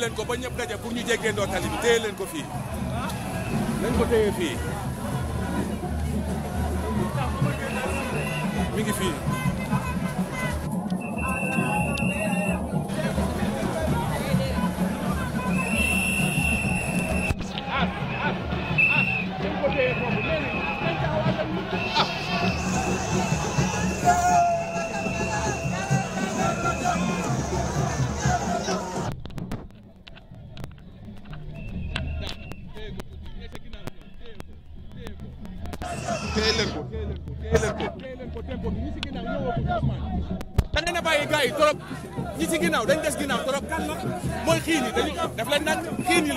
leen ko ba ñëpp daje pour ñu jéggee ndoo tali bi téye leen ko fii ko téye mi ngi fi ah, ah, ah. ginnaaw dañ des ginnaaw trop mooy xiin yi dañu daf leen nag xiin yi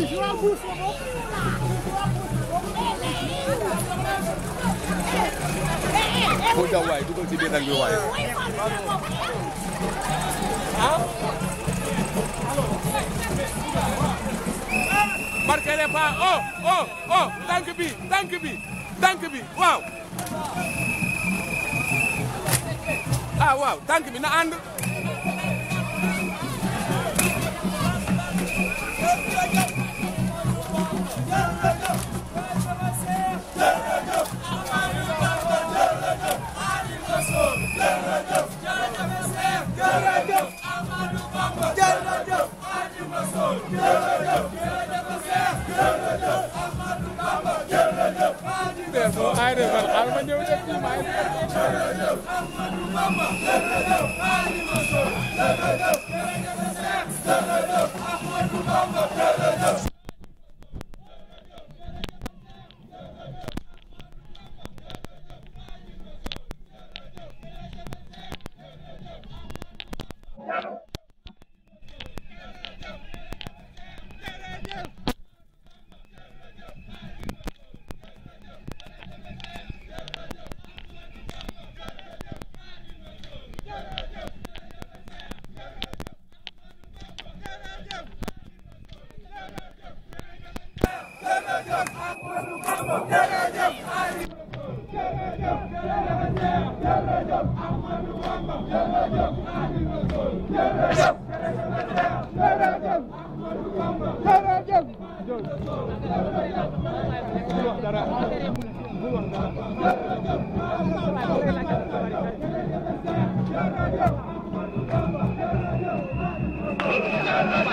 boo daw waay dugal ci biir bi waay. bi tànk bi waaw. ah waaw tànk bi na ànd. la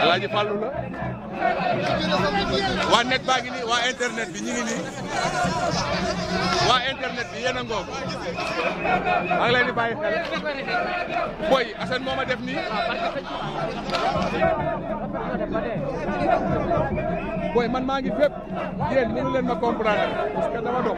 Alaaji Fallu la waa net baa ngi waa internet bi ñu ngi nii waa internet bi yéen a ngoog maa ngi leen di bàyyi xel ma def nii booy man maa ngi fépp yéen mënu leen ma comprendre parce dama dox